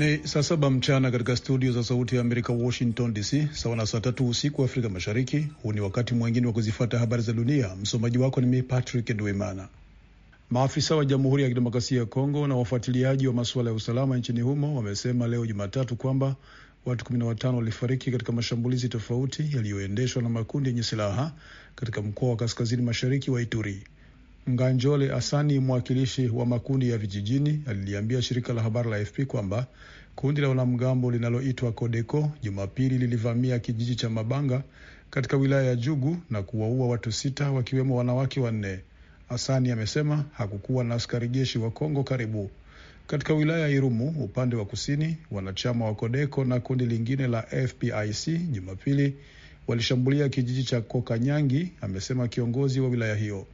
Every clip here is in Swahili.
Ni saa saba mchana katika studio za Sauti ya Amerika, Washington DC, sawa na saa tatu usiku Afrika Mashariki. Huu ni wakati mwengine wa kuzifata habari za dunia. Msomaji wako ni mimi Patrick Ndwimana. Maafisa wa Jamhuri ya Kidemokrasia ya Kongo na wafuatiliaji wa masuala ya usalama nchini humo wamesema leo Jumatatu kwamba watu 15 walifariki katika mashambulizi tofauti yaliyoendeshwa na makundi yenye silaha katika mkoa wa kaskazini mashariki wa Ituri. Nganjole Asani, mwakilishi wa makundi ya vijijini, aliliambia shirika la habari la fp kwamba kundi la wanamgambo linaloitwa Kodeko Jumapili lilivamia kijiji cha Mabanga katika wilaya ya Jugu na kuwaua watu sita wakiwemo wanawake wanne. Asani amesema hakukuwa na askari jeshi wa Kongo karibu. Katika wilaya ya Irumu upande wa kusini, wanachama wa Kodeko na kundi lingine la FPIC Jumapili walishambulia kijiji cha Kokanyangi, amesema kiongozi wa wilaya hiyo.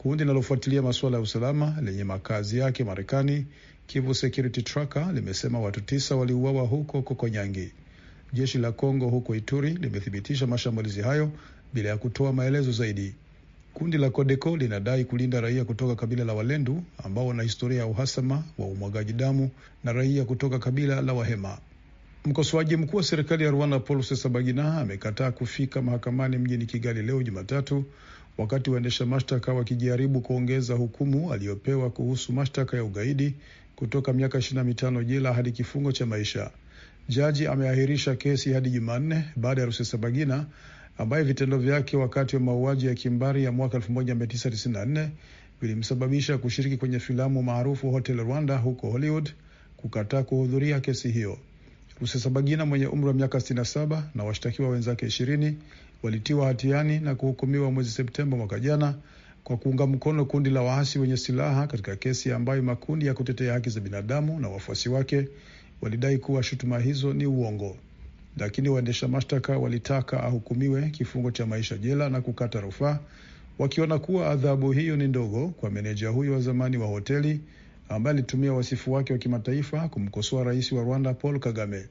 Kundi linalofuatilia masuala ya usalama lenye makazi yake Marekani, Kivu Security Tracker, limesema watu tisa waliuawa huko Kokonyangi. Jeshi la Kongo huko Ituri limethibitisha mashambulizi hayo bila ya kutoa maelezo zaidi. Kundi la Kodeko linadai kulinda raia kutoka kabila la Walendu ambao wana historia ya uhasama wa umwagaji damu na raia kutoka kabila la Wahema. Mkosoaji mkuu wa serikali ya Rwanda Paul Rusesabagina amekataa kufika mahakamani mjini Kigali leo Jumatatu wakati waendesha mashtaka wakijaribu kuongeza hukumu aliyopewa kuhusu mashtaka ya ugaidi kutoka miaka 25 jela hadi kifungo cha maisha. Jaji ameahirisha kesi hadi Jumanne baada ya Rusesabagina ambaye vitendo vyake wakati wa mauaji ya kimbari ya mwaka 1994 vilimsababisha kushiriki kwenye filamu maarufu Hotel Rwanda huko Hollywood kukataa kuhudhuria kesi hiyo. Rusesabagina mwenye umri wa miaka 67 na washtakiwa wenzake ishirini walitiwa hatiani na kuhukumiwa mwezi Septemba mwaka jana kwa kuunga mkono kundi la waasi wenye silaha katika kesi ambayo makundi ya kutetea haki za binadamu na wafuasi wake walidai kuwa shutuma hizo ni uongo, lakini waendesha mashtaka walitaka ahukumiwe kifungo cha maisha jela na kukata rufaa, wakiona kuwa adhabu hiyo ni ndogo kwa meneja huyo wa zamani wa hoteli ambaye alitumia wasifu wake wa kimataifa kumkosoa rais wa Rwanda Paul Kagame.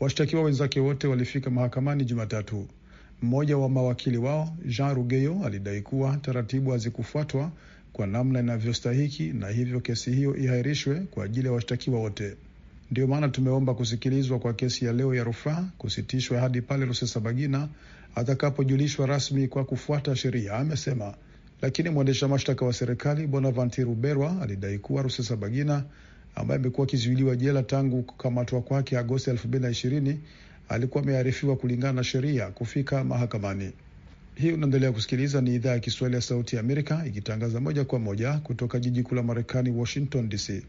Washtakiwa wenzake wote walifika mahakamani Jumatatu. Mmoja wa mawakili wao Jean Rugeyo alidai kuwa taratibu hazikufuatwa kwa namna inavyostahiki na hivyo kesi hiyo ihairishwe kwa ajili ya washtakiwa wote. Ndiyo maana tumeomba kusikilizwa kwa kesi ya leo ya rufaa kusitishwa hadi pale Rusesabagina atakapojulishwa rasmi kwa kufuata sheria, amesema. Lakini mwendesha mashtaka wa serikali Bonaventure Uberwa alidai kuwa Rusesabagina ambaye amekuwa akizuiliwa jela tangu kukamatwa kwake Agosti alikuwa amearifiwa kulingana na sheria kufika mahakamani. Hii unaendelea kusikiliza, ni idhaa ya Kiswahili ya Sauti ya Amerika ikitangaza moja kwa moja kutoka jiji kuu la Marekani, Washington DC.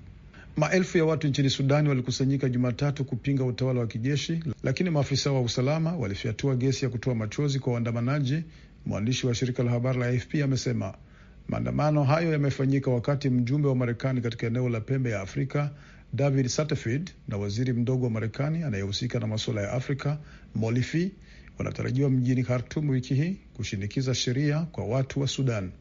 Maelfu ya watu nchini Sudani walikusanyika Jumatatu kupinga utawala wa kijeshi, lakini maafisa wa usalama walifyatua gesi ya kutoa machozi kwa waandamanaji. Mwandishi wa shirika la habari la AFP amesema maandamano hayo yamefanyika wakati mjumbe wa Marekani katika eneo la pembe ya Afrika David Satterfield na waziri mdogo wa Marekani anayehusika na masuala ya Afrika Molifi wanatarajiwa mjini Khartum wiki hii kushinikiza sheria kwa watu wa Sudan.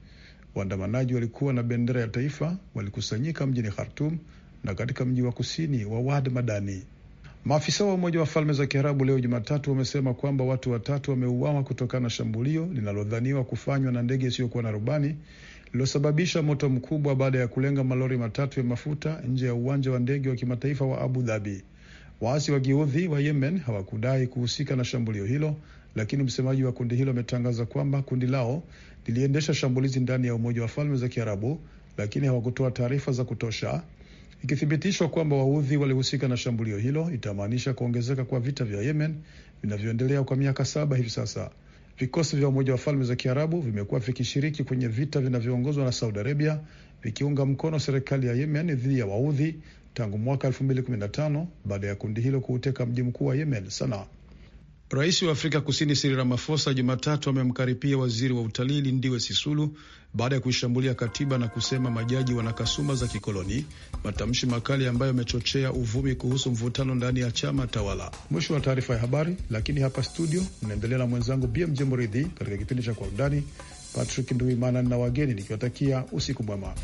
Waandamanaji walikuwa na bendera ya taifa, walikusanyika mjini Khartum na katika mji wa kusini wa Wad Madani. Maafisa wa Umoja wa Falme za Kiarabu leo Jumatatu wamesema kwamba watu watatu wameuawa kutokana na shambulio linalodhaniwa kufanywa na ndege isiyokuwa na rubani lilosababisha moto mkubwa baada ya kulenga malori matatu ya mafuta nje ya uwanja wa ndege wa kimataifa wa Abu Dhabi. Waasi wa Giudhi wa Yemen hawakudai kuhusika na shambulio hilo, lakini msemaji wa kundi hilo ametangaza kwamba kundi lao liliendesha shambulizi ndani ya Umoja wa Falme za Kiarabu, lakini hawakutoa taarifa za kutosha. Ikithibitishwa kwamba Waudhi walihusika na shambulio hilo, itamaanisha kuongezeka kwa vita vya Yemen vinavyoendelea kwa miaka saba hivi sasa. Vikosi vya Umoja wa Falme za Kiarabu vimekuwa vikishiriki kwenye vita vinavyoongozwa na Saudi Arabia vikiunga mkono serikali ya Yemen dhidi ya Waudhi tangu mwaka 2015 baada ya kundi hilo kuuteka mji mkuu wa Yemen, Sanaa. Rais wa Afrika Kusini Cyril Ramaphosa Jumatatu amemkaripia waziri wa utalii Lindiwe Sisulu baada ya kuishambulia katiba na kusema majaji wana kasuma za kikoloni, matamshi makali ambayo yamechochea uvumi kuhusu mvutano ndani ya chama tawala. Mwisho wa taarifa ya habari, lakini hapa studio mnaendelea na mwenzangu BMJ Mridhi katika kipindi cha Kwa Undani. Patrick Nduimana na wageni nikiwatakia usiku mwema.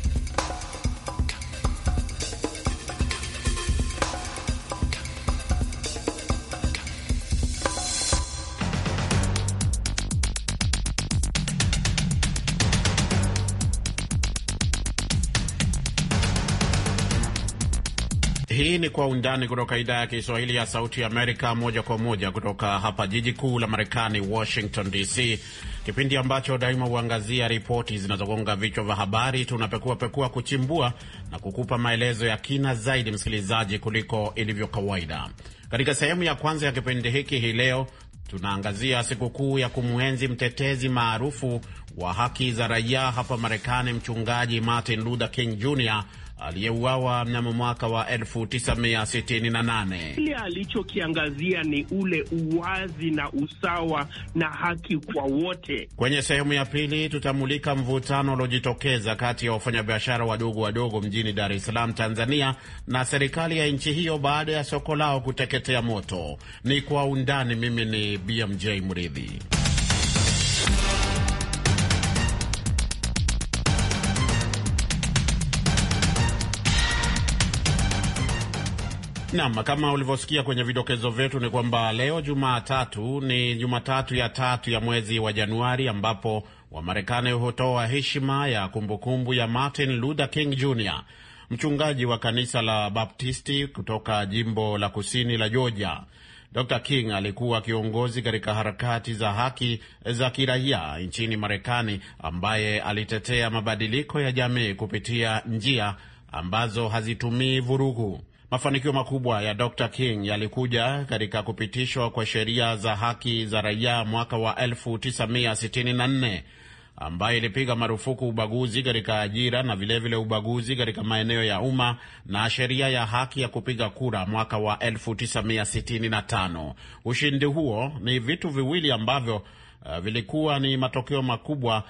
Kwa Undani kutoka idhaa ya Kiswahili ya Sauti Amerika, moja kwa moja kutoka hapa jiji kuu la Marekani, Washington DC, kipindi ambacho daima huangazia ripoti zinazogonga vichwa vya habari. Tunapekuapekua, kuchimbua na kukupa maelezo ya kina zaidi, msikilizaji, kuliko ilivyo kawaida. Katika sehemu ya kwanza ya kipindi hiki hii leo tunaangazia sikukuu ya kumwenzi mtetezi maarufu wa haki za raia hapa Marekani, mchungaji Martin Luther King Jr aliyeuawa mnamo mwaka wa 1968. Kile alichokiangazia ni ule uwazi na usawa na haki kwa wote. Kwenye sehemu ya pili tutamulika mvutano uliojitokeza kati ya wafanyabiashara wadogo wadogo mjini Dar es Salaam, Tanzania na serikali ya nchi hiyo baada ya soko lao kuteketea moto. Ni kwa undani. Mimi ni BMJ Mridhi. nam kama ulivyosikia kwenye vidokezo vyetu ni kwamba leo Jumatatu ni Jumatatu ya tatu ya mwezi wa Januari ambapo Wamarekani hutoa heshima ya kumbukumbu ya Martin Luther King Jr, mchungaji wa kanisa la Baptisti kutoka jimbo la kusini la Georgia. Dr King alikuwa kiongozi katika harakati za haki za kiraia nchini Marekani, ambaye alitetea mabadiliko ya jamii kupitia njia ambazo hazitumii vurugu. Mafanikio makubwa ya Dr King yalikuja katika kupitishwa kwa sheria za haki za raia mwaka wa 1964 ambayo ilipiga marufuku ubaguzi katika ajira na vilevile vile ubaguzi katika maeneo ya umma na sheria ya haki ya kupiga kura mwaka wa 1965. Ushindi huo ni vitu viwili ambavyo Eh, vilikuwa ni matokeo makubwa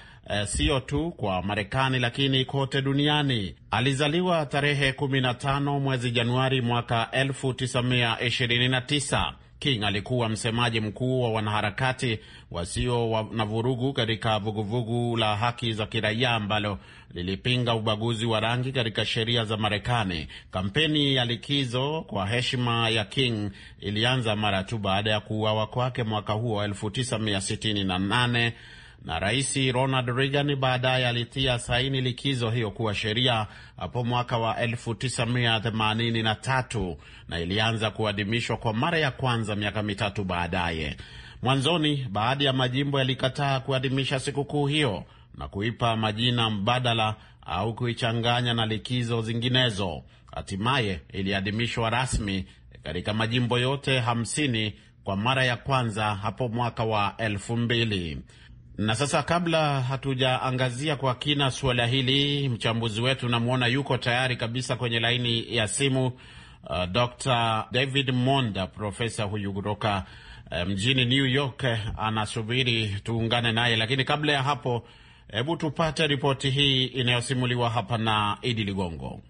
uh, tu kwa Marekani lakini kote duniani. Alizaliwa tarehe 15 mwezi Januari mwaka 1929. King alikuwa msemaji mkuu wa wanaharakati wasio na vurugu katika vuguvugu la haki za kiraia ambalo lilipinga ubaguzi wa rangi katika sheria za Marekani. Kampeni ya likizo kwa heshima ya King ilianza mara tu baada ya kuuawa kwake mwaka huo 1968 na Rais Ronald Reagan baadaye alitia saini likizo hiyo kuwa sheria hapo mwaka wa 1983 na ilianza kuadhimishwa kwa mara ya kwanza miaka mitatu baadaye. Mwanzoni baadhi ya majimbo yalikataa kuadhimisha sikukuu hiyo na kuipa majina mbadala au kuichanganya na likizo zinginezo. Hatimaye iliadhimishwa rasmi katika majimbo yote 50 kwa mara ya kwanza hapo mwaka wa elfu mbili. Na sasa, kabla hatujaangazia kwa kina suala hili, mchambuzi wetu namwona yuko tayari kabisa kwenye laini ya simu, uh, Dr. David Monda, profesa huyu kutoka Eh, mjini New York eh, anasubiri tuungane naye, lakini kabla ya hapo, hebu tupate ripoti hii inayosimuliwa hapa na Idi Ligongo.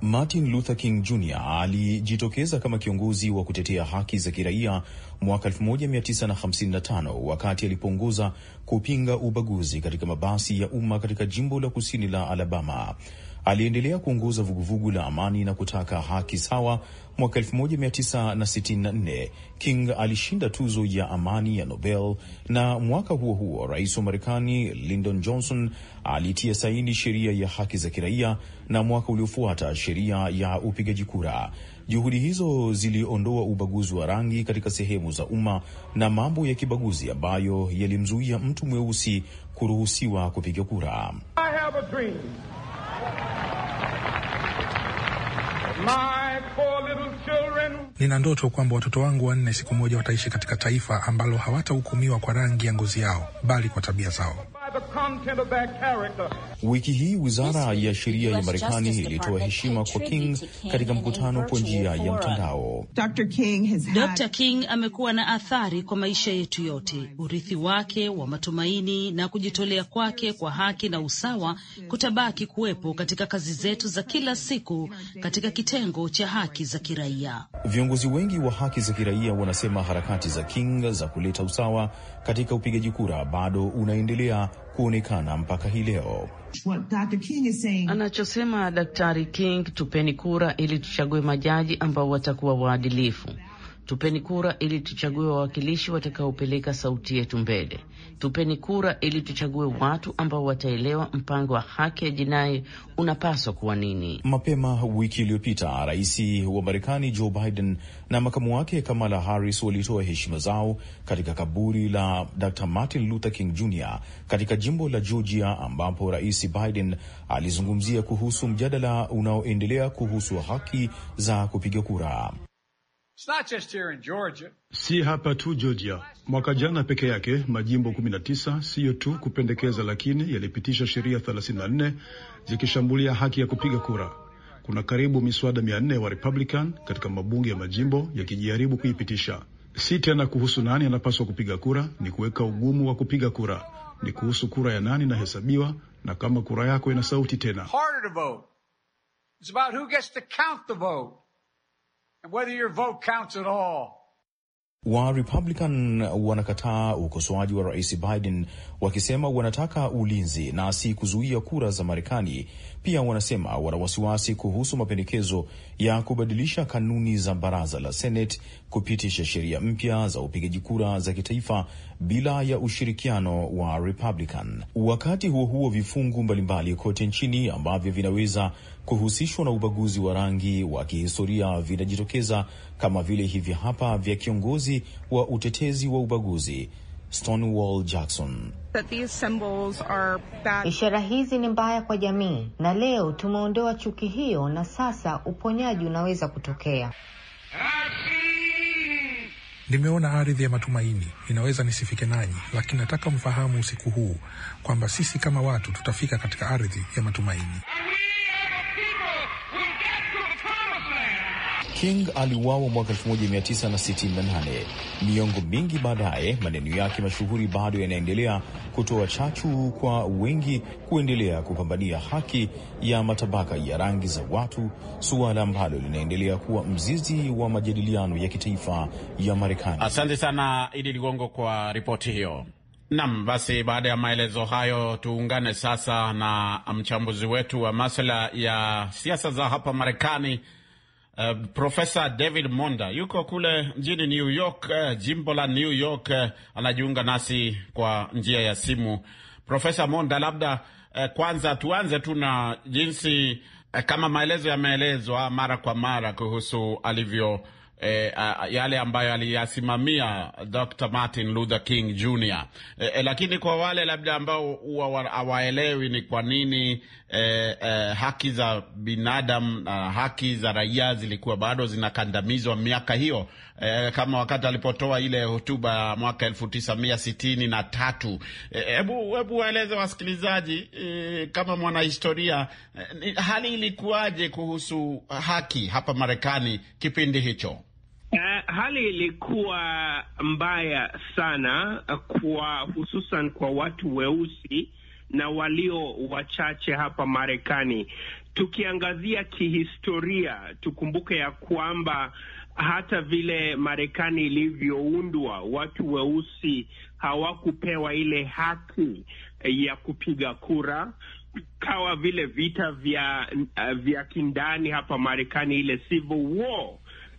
Martin Luther King Jr alijitokeza kama kiongozi wa kutetea haki za kiraia mwaka 1955 wakati alipoongoza kupinga ubaguzi katika mabasi ya umma katika jimbo la kusini la Alabama aliendelea kuongoza vuguvugu la amani na kutaka haki sawa. Mwaka 1964 King alishinda tuzo ya amani ya Nobel, na mwaka huo huo rais wa Marekani Lyndon Johnson alitia saini sheria ya haki za kiraia, na mwaka uliofuata sheria ya upigaji kura. Juhudi hizo ziliondoa ubaguzi wa rangi katika sehemu za umma na mambo ya kibaguzi ambayo ya yalimzuia mtu mweusi kuruhusiwa kupiga kura. I have a dream. Nina ndoto kwamba watoto wangu wanne siku moja wataishi katika taifa ambalo hawatahukumiwa kwa rangi ya ngozi yao, bali kwa tabia zao. Wiki hii wizara ya sheria ya Marekani ilitoa heshima kwa King katika mkutano kwa njia ya mtandao. Dr. King, had... Dr. King amekuwa na athari kwa maisha yetu yote. Urithi wake wa matumaini na kujitolea kwake kwa haki na usawa kutabaki kuwepo katika kazi zetu za kila siku katika kitengo cha haki za kiraia. Viongozi wengi wa haki za kiraia wanasema harakati za King za kuleta usawa katika upigaji kura bado unaendelea kuonekana mpaka hii leo. Anachosema Daktari King, tupeni kura ili tuchague majaji ambao watakuwa waadilifu. Tupeni kura ili tuchague wawakilishi watakaopeleka sauti yetu mbele. Tupeni kura ili tuchague watu ambao wataelewa mpango wa haki ya jinai unapaswa kuwa nini. Mapema wiki iliyopita, rais wa Marekani Joe Biden na makamu wake Kamala Harris walitoa heshima zao katika kaburi la Dr. Martin Luther King Jr. katika jimbo la Georgia, ambapo rais Biden alizungumzia kuhusu mjadala unaoendelea kuhusu haki za kupiga kura. Si hapa tu Georgia. Mwaka jana peke yake majimbo 19 siyo tu kupendekeza, lakini yalipitisha sheria 34 zikishambulia haki ya kupiga kura. Kuna karibu miswada 400 wa Republican katika mabunge ya majimbo yakijaribu kuipitisha. Si tena kuhusu nani anapaswa kupiga kura, ni kuweka ugumu wa kupiga kura. Ni kuhusu kura ya nani inahesabiwa na kama kura yako ina sauti tena. It's about who gets to count the vote whether your vote counts at all. Wa Republican wanakataa ukosoaji wa Rais Biden wakisema wanataka ulinzi na si kuzuia kura za Marekani. Pia wanasema wana wasiwasi kuhusu mapendekezo ya kubadilisha kanuni za baraza la Senate kupitisha sheria mpya za upigaji kura za kitaifa bila ya ushirikiano wa Republican. Wakati huo huo, vifungu mbalimbali kote nchini ambavyo vinaweza kuhusishwa na ubaguzi wa rangi wa kihistoria vinajitokeza kama vile hivi hapa vya kiongozi wa utetezi wa ubaguzi Stonewall Jackson. Ishara hizi ni mbaya kwa jamii, na leo tumeondoa chuki hiyo, na sasa uponyaji unaweza kutokea. Nimeona ardhi ya matumaini. Inaweza nisifike nanyi, lakini nataka mfahamu usiku huu kwamba sisi kama watu tutafika katika ardhi ya matumaini. King aliuawa mwaka 1968. Miongo mingi baadaye, maneno yake mashuhuri bado yanaendelea kutoa chachu kwa wengi kuendelea kupambania haki ya matabaka ya rangi za watu, suala ambalo linaendelea kuwa mzizi wa majadiliano ya kitaifa ya Marekani. Asante sana Idi Ligongo kwa ripoti hiyo. Nam, basi baada ya maelezo hayo, tuungane sasa na mchambuzi wetu wa masuala ya siasa za hapa Marekani Uh, Profesa David Monda yuko kule mjini New York, uh, jimbo la New York uh, anajiunga nasi kwa njia ya simu. Profesa Monda, labda uh, kwanza tuanze tu na jinsi uh, kama maelezo yameelezwa mara kwa mara kuhusu alivyo e, a, yale ambayo aliyasimamia Dr. Martin Luther King Jr. E, eh, e, eh, lakini kwa wale labda ambao huwa hawaelewi ni kwa nini e, e, haki za binadamu na haki za raia zilikuwa bado zinakandamizwa miaka hiyo e, kama wakati alipotoa ile hotuba ya mwaka elfu tisa mia sitini na tatu. Hebu e, waeleze wasikilizaji e, kama mwanahistoria e, hali ilikuwaje kuhusu haki hapa Marekani kipindi hicho? Uh, hali ilikuwa mbaya sana kwa hususan kwa watu weusi na walio wachache hapa Marekani. Tukiangazia kihistoria, tukumbuke ya kwamba hata vile Marekani ilivyoundwa, watu weusi hawakupewa ile haki ya kupiga kura kawa vile vita vya, eh, vya kindani hapa Marekani, ile civil war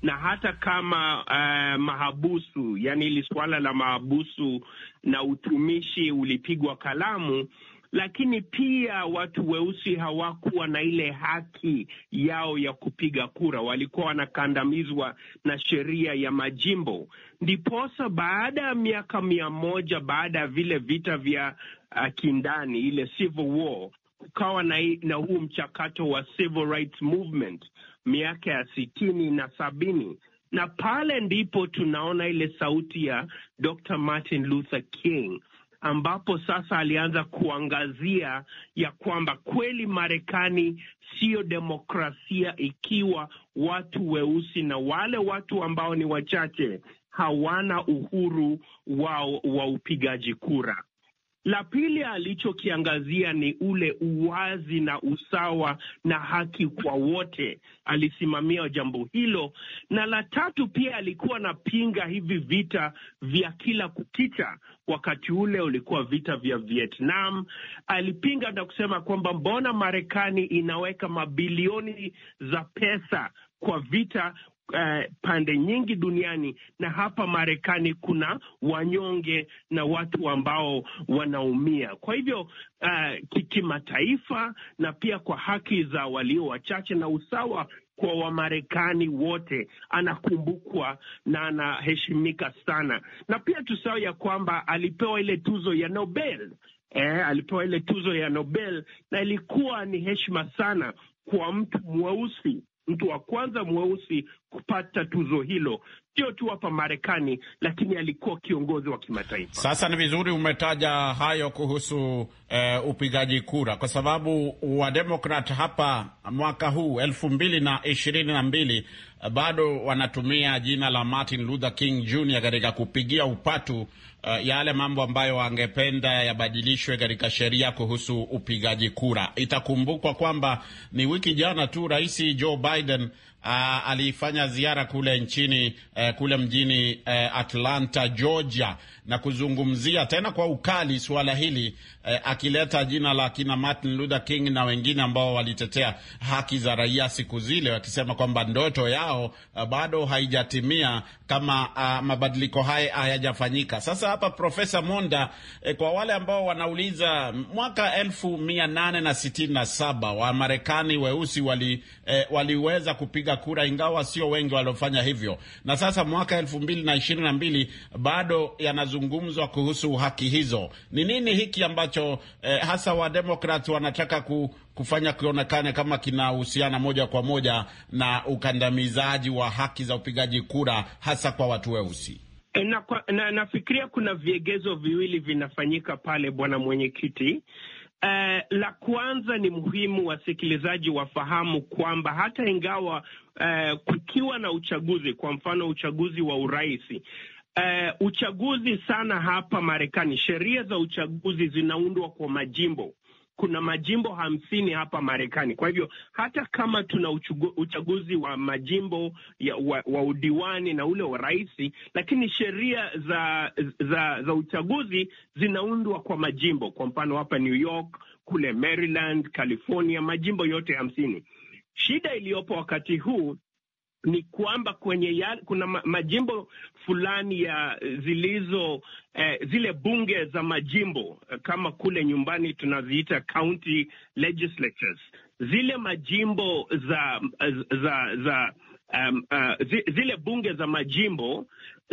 na hata kama uh, mahabusu, yani ili suala la mahabusu na utumishi ulipigwa kalamu, lakini pia watu weusi hawakuwa na ile haki yao ya kupiga kura, walikuwa wanakandamizwa na sheria ya majimbo. Ndiposa baada ya miaka mia moja baada ya vile vita vya uh, kindani, ile civil war, kukawa na, na huu mchakato wa civil rights movement miaka ya sitini na sabini, na pale ndipo tunaona ile sauti ya Dr. Martin Luther King ambapo sasa alianza kuangazia ya kwamba kweli Marekani siyo demokrasia ikiwa watu weusi na wale watu ambao ni wachache hawana uhuru wao wa upigaji kura. La pili alichokiangazia ni ule uwazi na usawa na haki kwa wote, alisimamia jambo hilo. Na la tatu pia alikuwa anapinga hivi vita vya kila kukicha. Wakati ule ulikuwa vita vya Vietnam, alipinga na kusema kwamba mbona Marekani inaweka mabilioni za pesa kwa vita uh, pande nyingi duniani na hapa Marekani kuna wanyonge na watu ambao wanaumia. Kwa hivyo uh, eh, kimataifa na pia kwa haki za walio wachache na usawa kwa Wamarekani wote anakumbukwa na anaheshimika sana, na pia tusahau ya kwamba alipewa ile tuzo ya Nobel. Eh, alipewa ile tuzo ya Nobel na ilikuwa ni heshima sana kwa mtu mweusi mtu wa kwanza mweusi kupata tuzo hilo, sio tu hapa Marekani, lakini alikuwa kiongozi wa kimataifa. Sasa ni vizuri umetaja hayo kuhusu eh, upigaji kura, kwa sababu Wademokrat hapa mwaka huu elfu mbili na ishirini na mbili bado wanatumia jina la Martin Luther King Jr katika kupigia upatu uh, yale mambo ambayo wangependa yabadilishwe katika sheria kuhusu upigaji kura. Itakumbukwa kwamba ni wiki jana tu Rais Joe Biden Uh, alifanya ziara kule nchini uh, kule mjini uh, Atlanta, Georgia na kuzungumzia tena kwa ukali suala hili eh, akileta jina la kina Martin Luther King na wengine ambao walitetea haki za raia siku zile, wakisema kwamba ndoto yao yao uh, bado haijatimia kama uh, mabadiliko haya hayajafanyika. Sasa hapa Profesa Monda, eh, kwa wale ambao wanauliza mwaka elfu mia nane na sitini na saba Wamarekani weusi wali, eh, waliweza kupiga kura ingawa sio wengi waliofanya hivyo, na sasa mwaka elfu mbili na ishirini na mbili bado yanazungumzwa kuhusu haki hizo. Ni nini hiki ambacho eh, hasa Wademokrat wanataka ku kufanya kionekane kama kinahusiana moja kwa moja na ukandamizaji wa haki za upigaji kura hasa kwa watu weusi. E, na, na nafikiria kuna viegezo viwili vinafanyika pale, bwana mwenyekiti. Uh, la kwanza ni muhimu wasikilizaji wafahamu kwamba hata ingawa uh, kukiwa na uchaguzi, kwa mfano uchaguzi wa urais uh, uchaguzi sana hapa Marekani, sheria za uchaguzi zinaundwa kwa majimbo kuna majimbo hamsini hapa Marekani. Kwa hivyo hata kama tuna uchugu, uchaguzi wa majimbo ya, wa, wa udiwani na ule wa rais, lakini sheria za, za, za uchaguzi zinaundwa kwa majimbo. Kwa mfano hapa New York, kule Maryland, California, majimbo yote hamsini. Shida iliyopo wakati huu ni kwamba kwenye ya, kuna majimbo fulani ya zilizo eh, zile bunge za majimbo eh, kama kule nyumbani tunaziita county legislatures, zile majimbo za za za um, uh, zile bunge za majimbo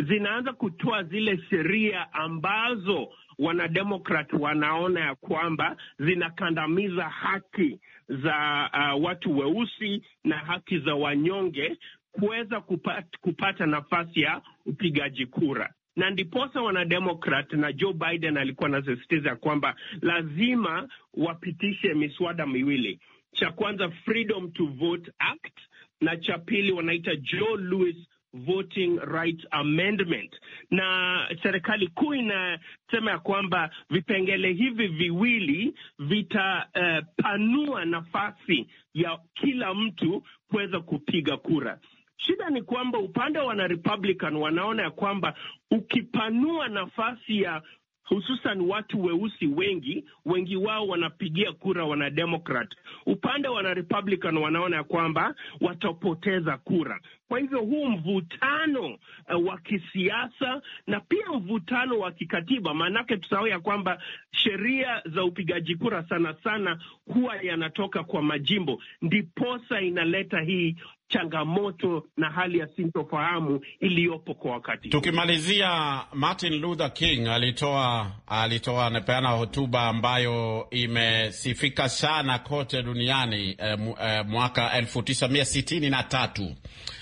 zinaanza kutoa zile sheria ambazo wanademokrat wanaona ya kwamba zinakandamiza haki za uh, watu weusi na haki za wanyonge kuweza kupata, kupata nafasi ya upigaji kura na ndiposa wanademokrat na Joe Biden alikuwa anasisitiza kwamba lazima wapitishe miswada miwili, cha kwanza Freedom to Vote Act na cha pili wanaita Joe Lewis Voting Rights Amendment. Na serikali kuu inasema ya kwamba vipengele hivi viwili vitapanua uh, nafasi ya kila mtu kuweza kupiga kura. Shida ni kwamba upande wa wanarepublican wanaona ya kwamba ukipanua nafasi ya hususan watu weusi wengi wengi wao wanapigia kura wanademokrat. Upande wa wanarepublican wanaona ya kwamba watapoteza kura. Kwa hivyo huu mvutano uh, wa kisiasa na pia mvutano wa kikatiba, maanake tusahau ya kwamba sheria za upigaji kura sana sana huwa yanatoka kwa majimbo, ndiposa inaleta hii changamoto na hali ya sintofahamu iliyopo kwa wakati. Tukimalizia, Martin Luther King alitoa alitoa anapeana hotuba ambayo imesifika sana kote duniani eh, eh, mwaka tatu.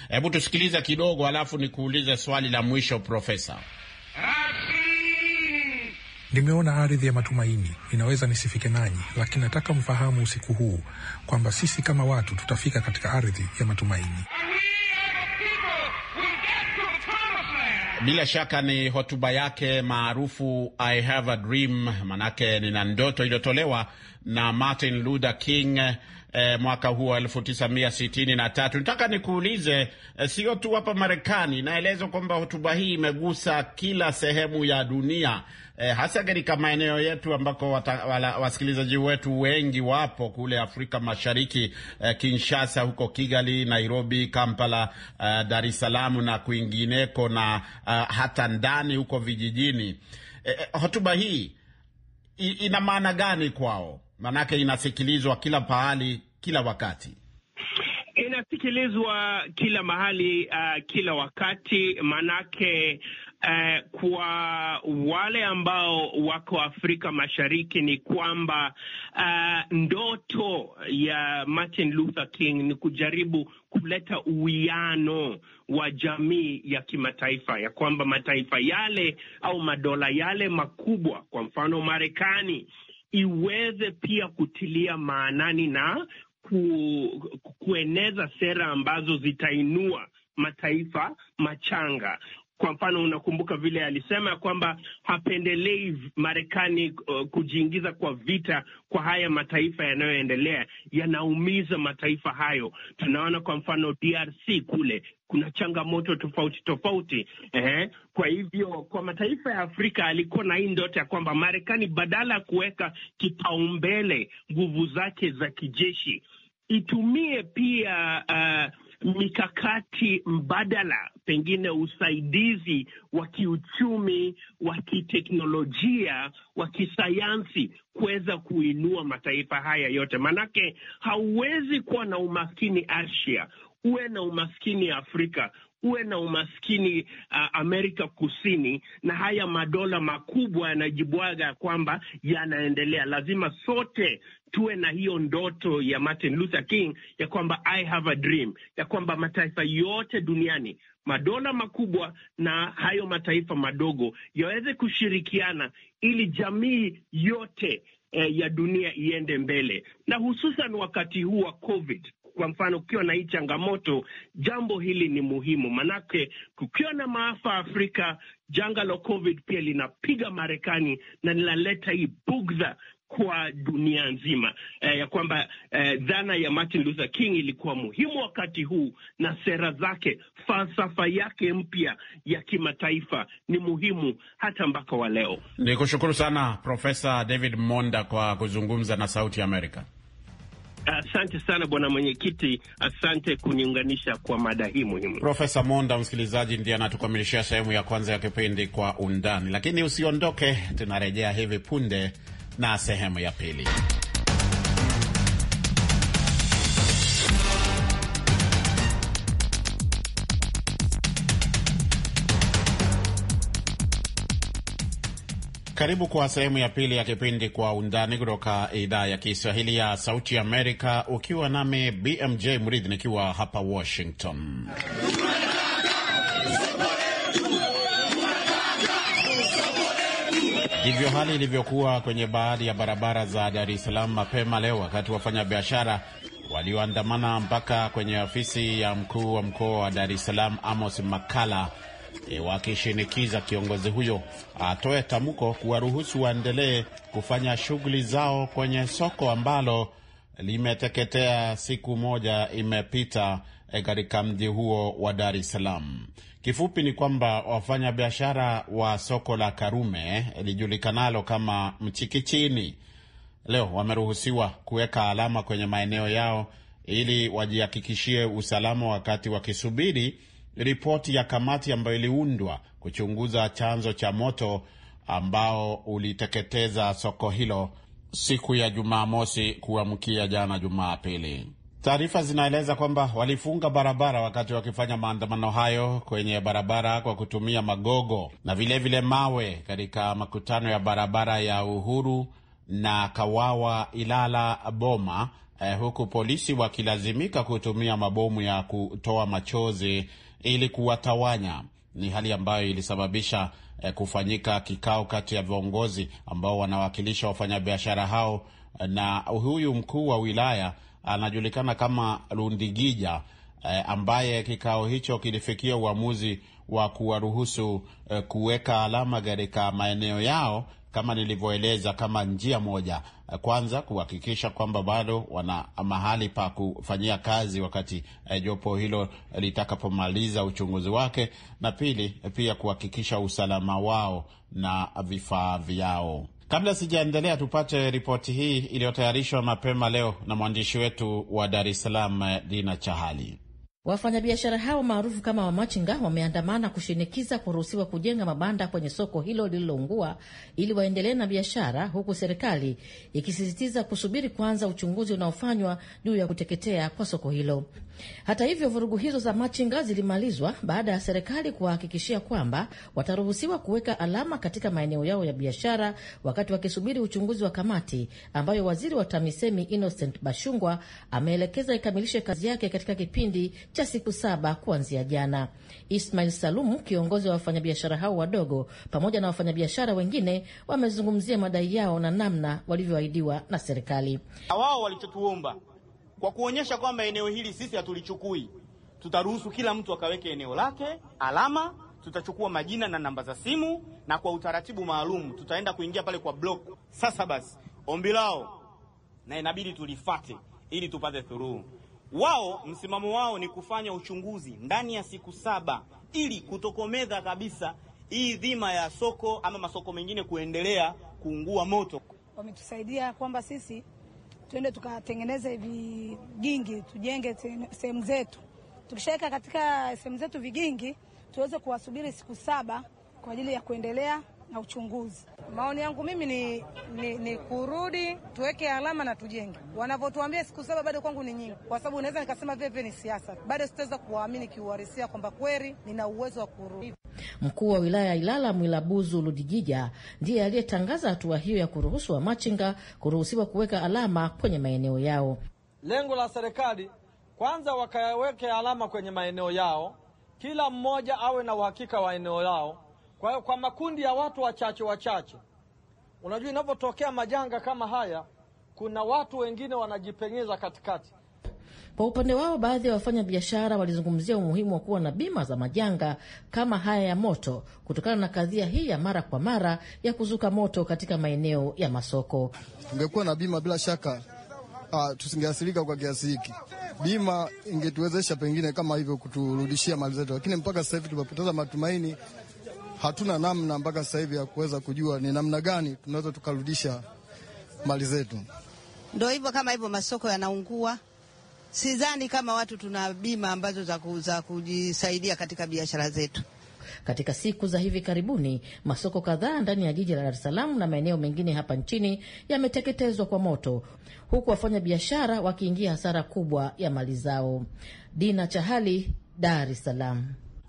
Hebu tusikilize kidogo, alafu nikuulize swali la mwisho Profesa. Nimeona ardhi ya matumaini, inaweza nisifike nanyi, lakini nataka mfahamu usiku huu kwamba sisi kama watu tutafika katika ardhi ya matumaini. Bila shaka ni hotuba yake maarufu I have a dream, manake nina ndoto iliyotolewa na Martin Luther King eh, mwaka huu wa 1963. Nataka nikuulize eh, sio tu hapa Marekani, naelezwa kwamba hotuba hii imegusa kila sehemu ya dunia eh, hasa katika maeneo yetu ambako wasikilizaji wetu wengi wapo kule Afrika Mashariki eh, Kinshasa, huko Kigali, Nairobi, Kampala, eh, Dar es Salaam na kwingineko na eh, hata ndani huko vijijini. Eh, eh hotuba hii ina maana gani kwao? Manake inasikilizwa kila pahali, kila wakati inasikilizwa kila mahali, uh, kila wakati manake Uh, kwa wale ambao wako Afrika Mashariki ni kwamba uh, ndoto ya Martin Luther King ni kujaribu kuleta uwiano wa jamii ya kimataifa, ya kwamba mataifa yale au madola yale makubwa, kwa mfano Marekani iweze pia kutilia maanani na ku, kueneza sera ambazo zitainua mataifa machanga. Kwa mfano, unakumbuka vile alisema ya kwamba hapendelei Marekani uh, kujiingiza kwa vita kwa haya mataifa yanayoendelea, yanaumiza mataifa hayo. Tunaona kwa mfano DRC kule kuna changamoto tofauti tofauti. eh. kwa hivyo kwa mataifa ya Afrika alikuwa na hii ndoto ya kwamba Marekani badala ya kuweka kipaumbele nguvu zake za kijeshi itumie pia uh, mikakati mbadala, pengine usaidizi wa kiuchumi, wa kiteknolojia, wa kisayansi kuweza kuinua mataifa haya yote, maanake hauwezi kuwa na umaskini Asia uwe na umaskini Afrika, uwe na umaskini uh, Amerika Kusini, na haya madola makubwa yanajibwaga ya kwamba yanaendelea. Lazima sote tuwe na hiyo ndoto ya Martin Luther King ya kwamba I have a dream, ya kwamba mataifa yote duniani madola makubwa na hayo mataifa madogo yaweze kushirikiana ili jamii yote eh, ya dunia iende mbele, na hususan wakati huu wa COVID kwa mfano, kukiwa na hii changamoto, jambo hili ni muhimu, manake kukiwa na maafa Afrika, janga la COVID pia linapiga Marekani na linaleta hii bugdha kwa dunia nzima eh, ya kwamba eh, dhana ya Martin Luther King ilikuwa muhimu wakati huu, na sera zake, falsafa yake mpya ya kimataifa ni muhimu hata mpaka wa leo. Ni kushukuru sana Profesa David Monda kwa kuzungumza na Sauti ya Amerika. Asante sana bwana mwenyekiti, asante kuniunganisha kwa mada hii muhimu. Profesa Monda, msikilizaji, ndiye anatukamilishia sehemu ya kwanza ya kipindi Kwa Undani, lakini usiondoke, tunarejea hivi punde na sehemu ya pili. Karibu kwa sehemu ya pili ya kipindi Kwa Undani kutoka idhaa ya Kiswahili ya Sauti Amerika, ukiwa nami BMJ Mridhi nikiwa hapa Washington. Ndivyo hali ilivyokuwa kwenye baadhi ya barabara za Dar es Salaam mapema leo, wakati wafanyabiashara walioandamana mpaka kwenye ofisi ya mkuu wa mkoa wa Dar es Salaam Amos Makala E, wakishinikiza kiongozi huyo atoe tamko kuwaruhusu waendelee kufanya shughuli zao kwenye soko ambalo limeteketea siku moja imepita e, katika mji huo wa Dar es Salaam. Kifupi ni kwamba wafanyabiashara wa soko la Karume e, lijulikanalo kama Mchikichini leo wameruhusiwa kuweka alama kwenye maeneo yao ili wajihakikishie usalama wakati wakisubiri ripoti ya kamati ambayo iliundwa kuchunguza chanzo cha moto ambao uliteketeza soko hilo siku ya Jumamosi kuamkia jana Jumapili. Taarifa zinaeleza kwamba walifunga barabara wakati wakifanya maandamano hayo kwenye barabara kwa kutumia magogo na vilevile vile mawe katika makutano ya barabara ya Uhuru na Kawawa Ilala Boma eh, huku polisi wakilazimika kutumia mabomu ya kutoa machozi ili kuwatawanya. Ni hali ambayo ilisababisha eh, kufanyika kikao kati ya viongozi ambao wanawakilisha wafanyabiashara hao, eh, na huyu mkuu wa wilaya anajulikana kama rundigija eh, ambaye kikao hicho kilifikia uamuzi wa kuwaruhusu eh, kuweka alama katika maeneo yao kama nilivyoeleza, kama njia moja, eh, kwanza kuhakikisha kwamba bado wana mahali pa kufanyia kazi wakati eh, jopo hilo litakapomaliza uchunguzi wake, na pili eh, pia kuhakikisha usalama wao na vifaa vyao. Kabla sijaendelea, tupate ripoti hii iliyotayarishwa mapema leo na mwandishi wetu wa Dar es Salaam, eh, Dina Chahali. Wafanyabiashara hao maarufu kama wamachinga wameandamana kushinikiza kuruhusiwa kujenga mabanda kwenye soko hilo lililoungua ili waendelee na biashara, huku serikali ikisisitiza kusubiri kwanza uchunguzi unaofanywa juu ya kuteketea kwa soko hilo. Hata hivyo, vurugu hizo za machinga zilimalizwa baada ya serikali kuwahakikishia kwamba wataruhusiwa kuweka alama katika maeneo yao ya biashara, wakati wakisubiri uchunguzi wa kamati ambayo waziri wa TAMISEMI Innocent Bashungwa ameelekeza ikamilishe kazi yake katika kipindi cha siku saba kuanzia jana. Ismail Salumu, kiongozi wa wafanyabiashara hao wadogo, pamoja na wafanyabiashara wengine, wamezungumzia madai yao na namna walivyoahidiwa na serikali. Wao walichotuomba kwa kuonyesha kwamba eneo hili sisi hatulichukui, tutaruhusu kila mtu akaweke eneo lake alama, tutachukua majina na namba za simu, na kwa utaratibu maalum tutaenda kuingia pale kwa blok. Sasa basi, ombi lao na inabidi tulifate ili tupate thuruhu. Wao msimamo wao ni kufanya uchunguzi ndani ya siku saba ili kutokomeza kabisa hii dhima ya soko ama masoko mengine kuendelea kuungua moto. Wametusaidia kwamba sisi tuende tukatengeneze vigingi, tujenge sehemu zetu. Tukishaweka katika sehemu zetu vigingi, tuweze kuwasubiri siku saba kwa ajili ya kuendelea na uchunguzi. Maoni yangu mimi ni, ni, ni kurudi tuweke alama na tujenge. Wanavyotuambia siku saba bado kwangu ni nyingi, kwa sababu naweza nikasema vile vile ni siasa, bado sitaweza kuwaamini kiuharisia kwamba kweli nina uwezo wa kurudi. Mkuu wa wilaya ya Ilala Mwilabuzu Ludigija ndiye aliyetangaza hatua hiyo ya kuruhusu wamachinga kuruhusiwa kuweka alama kwenye maeneo yao. Lengo la serikali kwanza wakaweke alama kwenye maeneo yao, kila mmoja awe na uhakika wa eneo lao kwa hiyo kwa makundi ya watu wachache wachache, unajua inapotokea majanga kama haya, kuna watu wengine wanajipenyeza katikati. Kwa upande wao, baadhi ya wafanya biashara walizungumzia umuhimu wa kuwa na bima za majanga kama haya ya moto, kutokana na kadhia hii ya mara kwa mara ya kuzuka moto katika maeneo ya masoko. Tungekuwa na bima, bila shaka uh, tusingeathirika kwa kiasi hiki. Bima ingetuwezesha pengine kama hivyo kuturudishia mali zetu, lakini mpaka sasa hivi tumepoteza matumaini hatuna namna mpaka sasa hivi ya kuweza kujua ni namna gani tunaweza tukarudisha mali zetu. Ndo hivyo, kama hivyo masoko yanaungua. Sidhani kama watu tuna bima ambazo za kujisaidia katika biashara zetu. Katika siku za hivi karibuni masoko kadhaa ndani ya jiji la Dar es Salaam na maeneo mengine hapa nchini yameteketezwa kwa moto, huku wafanya biashara wakiingia hasara kubwa ya mali zao. Dina Chahali, Dar es Salaam.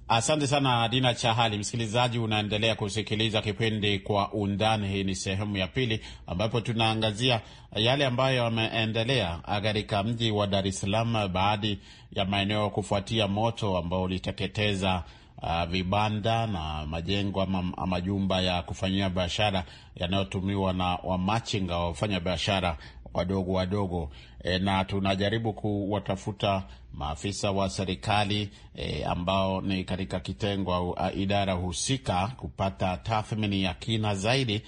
Asante sana Dina Chahali. Msikilizaji, unaendelea kusikiliza kipindi Kwa Undani. Hii ni sehemu ya pili, ambapo tunaangazia yale ambayo yameendelea katika mji wa Dar es Salaam, baadhi ya maeneo kufuatia moto ambao uliteketeza Uh, vibanda na majengo ama majumba ya kufanyia biashara yanayotumiwa na wamachinga wafanya biashara wadogo wadogo e, na tunajaribu kuwatafuta maafisa wa serikali e, ambao ni katika kitengo au idara husika kupata tathmini ya kina zaidi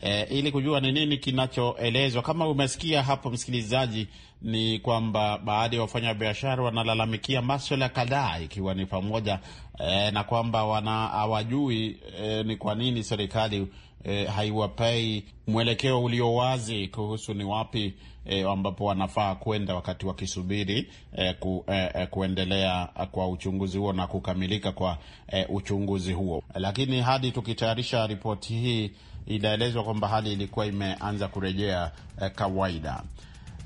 e, ili kujua ni nini kinachoelezwa. Kama umesikia hapo, msikilizaji, ni kwamba baadhi ya wafanyabiashara wanalalamikia maswala kadhaa ikiwa ni pamoja e, na kwamba hawajui e, ni kwa nini serikali e, haiwapei mwelekeo ulio wazi kuhusu ni wapi e, ambapo wanafaa kwenda wakati wakisubiri e, ku, e, kuendelea kwa uchunguzi huo na kukamilika kwa e, uchunguzi huo. Lakini hadi tukitayarisha ripoti hii, inaelezwa kwamba hali ilikuwa imeanza kurejea e, kawaida.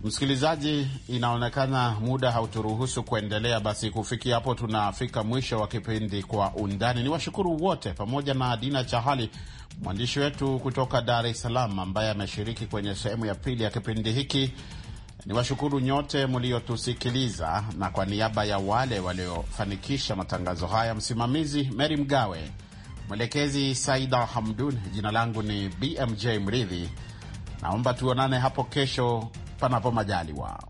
Msikilizaji, inaonekana muda hauturuhusu kuendelea. Basi kufikia hapo, tunafika mwisho wa kipindi Kwa Undani. Ni washukuru wote pamoja na Dina Chahali, mwandishi wetu kutoka Dar es Salaam, ambaye ameshiriki kwenye sehemu ya pili ya kipindi hiki. Ni washukuru nyote mliotusikiliza, na kwa niaba ya wale waliofanikisha matangazo haya, msimamizi Meri Mgawe, mwelekezi Saida Hamdun, jina langu ni BMJ Mridhi. Naomba tuonane hapo kesho panapo majaliwa.